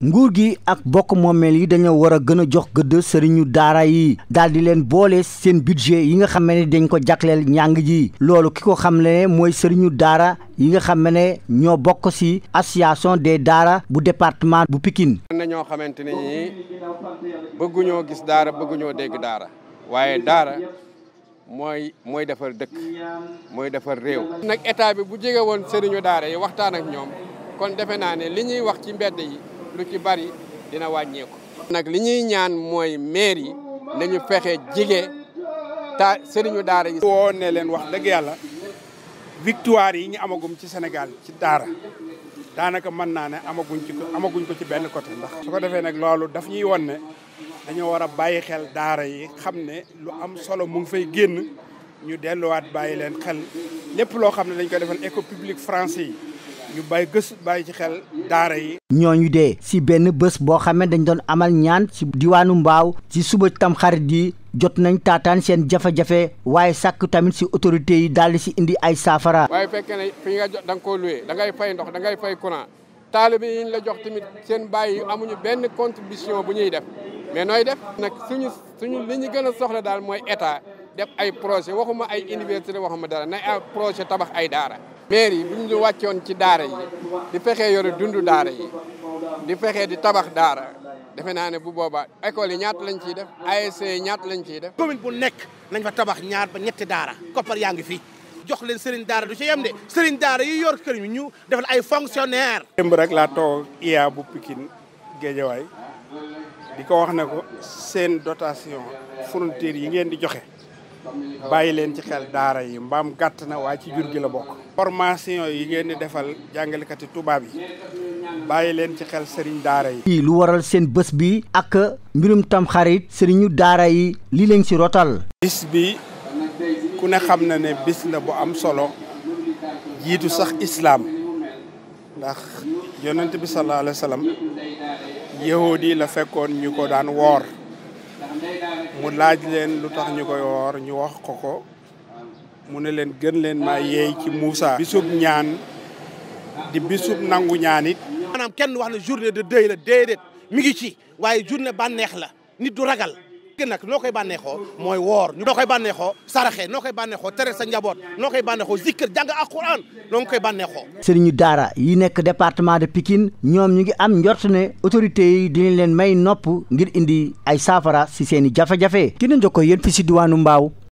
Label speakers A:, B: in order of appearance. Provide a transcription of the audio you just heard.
A: nguur gi ak bokk moomeel yi dañoo war a gën a jox gëdd sëriñu daara yi daal di leen boole seen budget yi nga xam ne dañ ko jagleel njàng ji loolu ki ko xam ne mooy sëriñu daara yi nga xam ne ñoo bokk ci association des daara bu département bu Pikine.
B: na ñoo xamante ne bëgguñoo gis daara bëgguñoo dégg daara waaye daara mooy mooy defar dëkk mooy defar réew. nag état bi bu jege woon sëriñu daara yi waxtaan ak ñoom kon defe naa ne li ñuy wax ci mbedd yi. lu ci bari dina wàññeeku. nag li ñuy ñaan mooy maire yi nañu fexe jige
C: ta sëriñu daara yi. woo ne leen wax dëgg yàlla victoire yi ñu amagum ci Sénégal ci daara daanaka mën naa ne amaguñ ci amaguñ ko ci benn côté ndax. su ko defee nag loolu daf ñuy won ne dañoo war a bàyyi xel daara yi xam ne lu am solo mu ngi fay génn ñu delluwaat bàyyi leen xel lépp loo xam ne dañ koy defal école publique français yi. ñu bàyyi gës bàyyi ci xel daara yi.
A: ñoo ñu dee si benn bés boo xamee dañ doon amal ñaan si diwaanu mbaaw si suba tamxarit yi jot nañ taataan seen jafe-jafe waaye sàkk tamit si autorité yi daal di si indi ay saafara. waaye fekkee
B: ne fi nga jot da nga koo loué da ngay fay ndox da ngay fay courant taalibe yi ñu la jox tamit seen bàyyi amuñu benn contribution bu ñuy def mais nooy def. nag suñu suñu li ñu gën a soxla daal mooy état def ay projet waxuma ay université waxuma dara na projet tabax ay daara. maire yi bu ñu ci daara yi di fexee yore dundu daara yi di fexe di tabax daara defe naa ne bu boobaa école yi ñaata lañ ciy def ASC yi ñaata lañ ciy def. commune
C: bu nekk nañ fa tabax ñaar ba ñetti daara koppar yaa ngi fii jox leen sëriñ daara du ci yem de sëriñ daara yi yor kër yi ñu defal ay fonctionnaire démb rek laa toog IA bu Pikine Géejawaay di ko wax ne ko seen dotation fourniture yi ngeen di joxe. bàyyi leen ci xel daara yi mbaam gàtt na waaye ci jur gi la bokk. formation yi ngeen di defal jàngalekati tubaab yi bàyyi leen ci xel sëriñ daara
A: yi. lu waral seen bës bi ak mbirum tam xarit sëriñu daara yi li leen ci rotal.
C: bis bi ku ne xam na ne bis la bu am solo jiitu sax islaam ndax yonent bi sallallahu alayhi wa la fekkoon ñu ko daan woor. mu laaj leen lu tax ñu koy woor ñu wax ko ko mu ne leen gën leen ma yeey ci Moussa. bisub ñaan
B: di bisub nangu
C: ñaan it. maanaam kenn wax ne journée de deuil la déedéet mi ngi ci waaye journée bànneex la nit du ragal. dëgg nag noo koy bànneexoo mooy woor noo koy bànneexoo saraxe noo koy tere sa njaboot noo koy bànneexoo zikkër jàng alxuraan noo ngi koy bànneexoo
A: sëriñu daara yi nekk département de Pikine ñoom ñu ngi am njort ne autorités yi dinañ leen may nopp ngir indi ay saafara si seen i jafe-jafe ki na jokkoo yéen si diwaanu Mbaaw